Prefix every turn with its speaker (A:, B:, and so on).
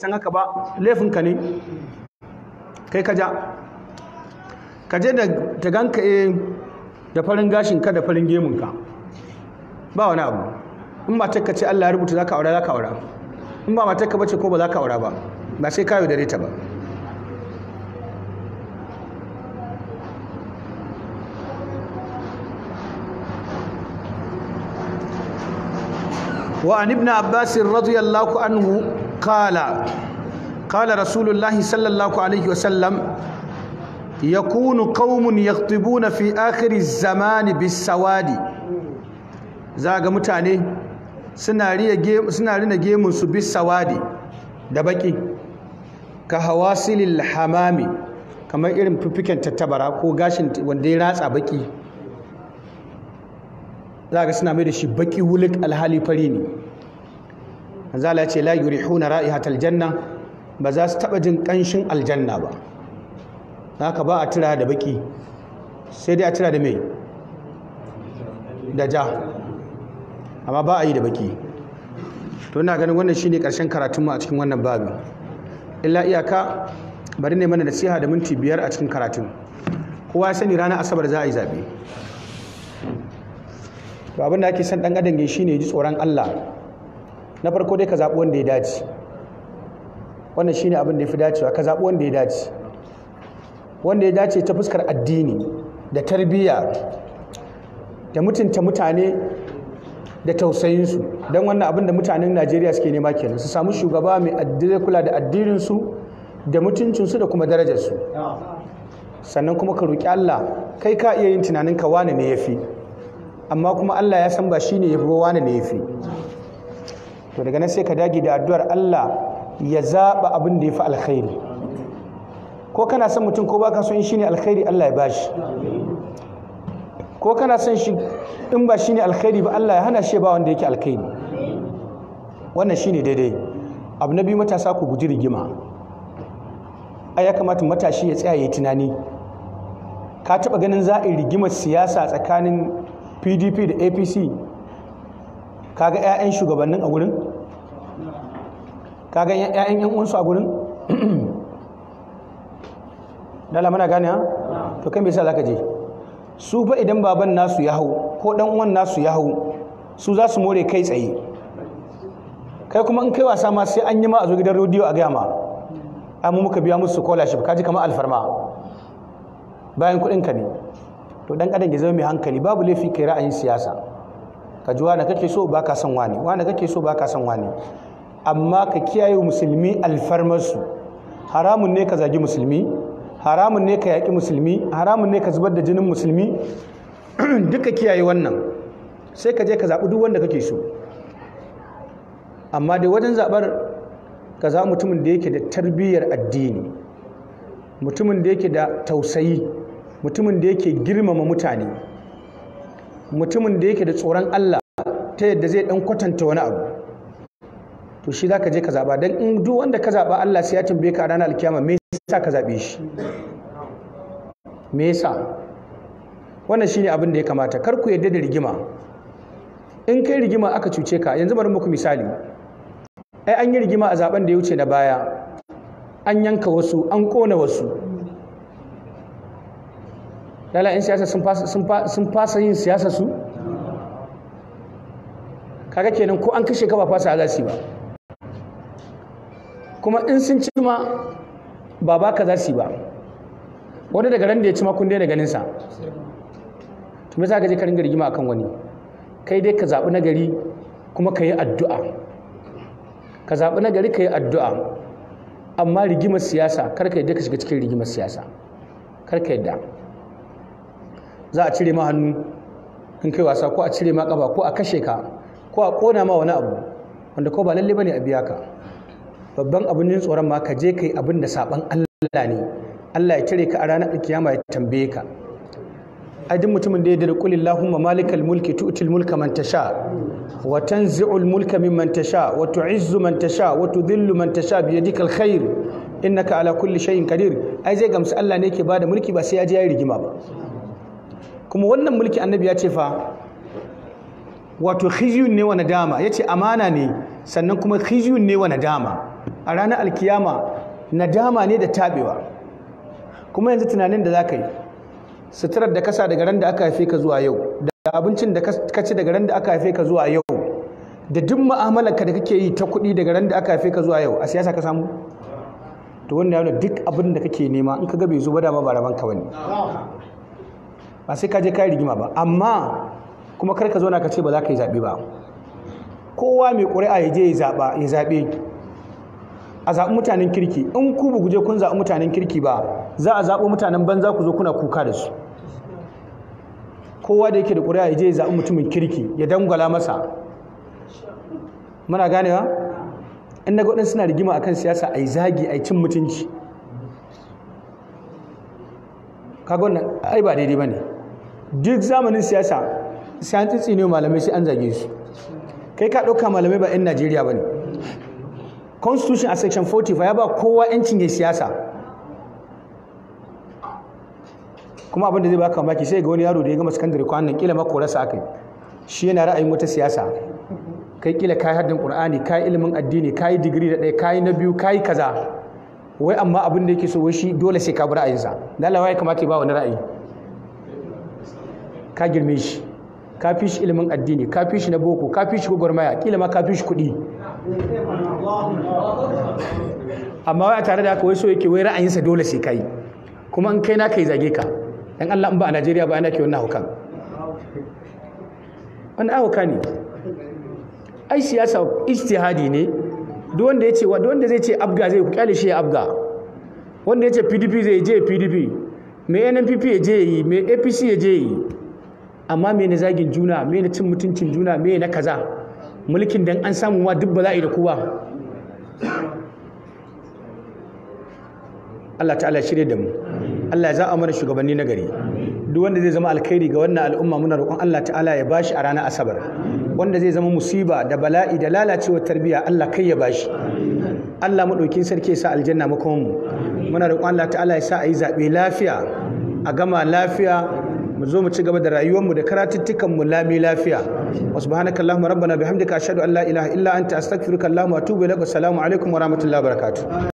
A: can haka ba laifinka ne kai ka ja ka je da taganka e eh, da farin gashinka da farin gemunka ba wani abu in ba ta ce Allah ya rubuta za ka aura zaka aura in ba matarka bace ko ba za ka aura ba ba sai kayo dare ta ba وعن ابن عباس رضي الله عنه قال sallallahu alaihi الله صلى الله عليه وسلم يكون قوم يخطبون في آخر الزمان Za ga mutane suna rina gemunsu bisawadi da baki ka hawasilil hamami kamar irin fifiken tattabara ko gashin wanda ya ratsa baki za ga suna mai da shi baki wulik alhali fari ne manzala ce la yurihuna ra'ihatal janna ba za su taba jin kanshin aljanna ba haka ba a tira da baki sai dai a tira da mai da ja amma ba a yi da baki to ina ganin wannan shine karshen karatun mu a cikin wannan babu illa iyaka bari ne mana nasiha da minti biyar a cikin karatun kowa ya sani ranar asabar za a yi zabe to abin da ake son dan shi ne shine ji tsoron Allah na farko dai ka zaɓi wanda ya dace wannan shine abin da ya fi dacewa ka zaɓi wanda ya dace wanda ya dace ta fuskar addini da tarbiyya da mutunta mutane da tausayinsu don wannan abin da mutanen najeriya suke nema kenan su samu shugaba mai addini kula da addininsu da mutuncinsu da kuma darajarsu sannan kuma ka roƙi allah kai ka iya yin tunanin ka wane ne ya amma kuma allah ya san ba shi ne ya fi wane ne ya to daga nan sai ka dage da addu'ar Allah ya zaɓa abin da ya fi alkhairi ko kana son mutum ko baka son shi ne alkhairi Allah ya bashi ko kana son shi in ba shi ne alkhairi ba Allah ya hana shi ba wanda yake alkhairi wannan shi ne daidai abu na biyu matasa ku guji rigima ai ya kamata matashi ya tsaya ya yi tunani ka taɓa ganin za a yi rigimar siyasa tsakanin pdp da apc kaga 'ya'yan shugabannin a gurin kaga 'ya'yan yan uwansu a gurin dala muna gane ha to kai me yasa zaka je su fa idan baban nasu ya hau ko dan uwan nasu ya hau su za su more kai tsaye kai kuma in kai wasa ma sai an yi ma a zo gidan rediyo a gaya ma an muka biya musu scholarship kaji kamar alfarma bayan kuɗin ka ne to dan adam ya zama mai hankali babu laifi kai ra'ayin siyasa ka ji wane kake so baka son wane wane kake so ka san wane amma ka kiyaye musulmi alfarmarsu haramun ne ka zagi musulmi haramun ne ka yaƙi musulmi haramun ne ka zubar da jinin musulmi duka kiyaye wannan sai ka je ka zaɓi duk wanda kake so amma dai wajen zaɓar ka za mutumin da yake da tarbiyyar addini mutumin da yake da tausayi mutumin da yake girmama mutane mutumin da yake da tsoron Allah ta yadda zai dan kwatanta wani abu to shi zaka je ka zaba dan in duk wanda ka zaba Allah sai ya tambaye ka ranar alkiyama me yasa ka zabe shi me yasa wannan shine abin da ya kamata kar ku yadda da rigima in kai rigima aka cuce ka yanzu bari muku misali ai an yi rigima a zaben da ya wuce na baya an yanka wasu an kona wasu lala in siyasa sun fasa yin siyasa su kaga kenan ko an kashe ka ba fasa za su ba kuma in sun ci ma ba ka za su ba wani daga ran da ya ci ma kun daina ganin sa to me za ka je ka ringa rigima akan wani kai dai ka zaɓi nagari kuma ka yi addu'a ka zaɓi nagari ka yi addu'a amma rigimar siyasa kar ka yadda ka shiga cikin rigimar siyasa kar ka yadda za a cire ma hannu in kai wasa ko a cire ma ƙafa ko a kashe ka ko a ƙona ma wani abu wanda ko ba lalle bane a biya ka babban abin jin tsoron ma ka je kai abin da saban Allah ne Allah ya cire ka a ranar kiyama ya tambaye ka ajin mutumin da ya dira kulli Allahumma malikal mulki tu'til mulka man tasha wa tanzi'ul mulka mimman tasha wa tu'izzu man tasha wa tudhillu man tasha bi yadikal khair innaka ala kulli shay'in qadir ai zai gamsu Allah ne yake bada mulki ba sai ya je ya rigima ba kuma wannan mulki annabi ya ce fa wato khijiyun ne wa nadama yace amana ne sannan kuma khijiyun ne wa nadama a ranar alkiyama nadama ne da tabewa kuma yanzu tunanin da za ka yi suturar da kasa daga ran da aka haife ka zuwa yau da abincin da ka ci daga ran da aka haife ka zuwa yau da duk mu'amalar ka da kake yi ta kuɗi daga ran da aka haife ka zuwa yau a siyasa ka samu to wannan yana duk abin da kake nema in ka ga bai zo ba dama ba raban ka bane ba sai ka je ka rigima ba amma kuma kar ka zo na ka ce ba za ka yi zaɓe ba kowa mai ƙuri'a ya je ya zaɓe a zaɓi mutanen kirki in ku ba guje kun zaɓi mutanen kirki ba za a zaɓi mutanen banza ku zo kuna kuka da su kowa da yake da ƙuri'a ya je ya zaɓi mutumin kirki ya dangwala masa muna ganewa in na waɗansu suna rigima akan siyasa a yi zagi a yi cin mutunci kaga wannan ai ba daidai ba ne duk zamanin siyasa sai ne malamai sai an zage su kai ka ɗauka malamai ba 'yan najeriya ba ne constitution a section 45 ya ba kowa 'yancin ya siyasa kuma abin da zai baka maki sai ga wani yaro da ya gama sakandare kwanan kila mako rasa aka shi yana ra'ayin wata siyasa kai kila kai haddin qur'ani kai ilimin addini kai digiri da ɗaya kai na biyu kai kaza wai amma abin da yake so wai shi dole sai ka bi ra'ayinsa lalawa ya kamata ya ba wani ra'ayi ka girme shi ka fi shi ilimin addini ka fi shi na boko ka fi shi gwagwarmaya kila ma ka fi shi kuɗi amma wai a tare da haka wai so yake wai ra'ayinsa dole sai kai kuma in kai na kai zage ka dan Allah in ba a Najeriya ba ana ke wannan haukan wannan hauka ne ai siyasa ijtihadi ne duk wanda yace wa duk wanda zai ce abga zai ku kyale shi ya abga wanda yace PDP zai je PDP me NNPP ya je yi me APC ya je yi amma me na zagin juna me na cin mutuncin juna me na kaza mulkin dan an samu ma duk bala'i da kowa Allah ta'ala shirya da mu Allah ya za a mana shugabanni na gari duk wanda zai zama alkhairi ga wannan al'umma muna roƙon Allah ta'ala ya bashi a ranar asabar wanda zai zama musiba da bala'i da lalacewar tarbiyya Allah kai ya bashi Allah maɗaukin sarki ya sa aljanna mu muna roƙon Allah ta'ala ya sa a yi zaɓe lafiya a gama lafiya mu zo mu ci gaba da rayuwarmu da karatuttukan mu lami lafiya wa subhanaka allahumma rabbana bihamdika ashhadu an la ilaha illa anta astaghfiruka allahumma wa atubu ilaik assalamu alaikum wa rahmatullahi wa barakatuh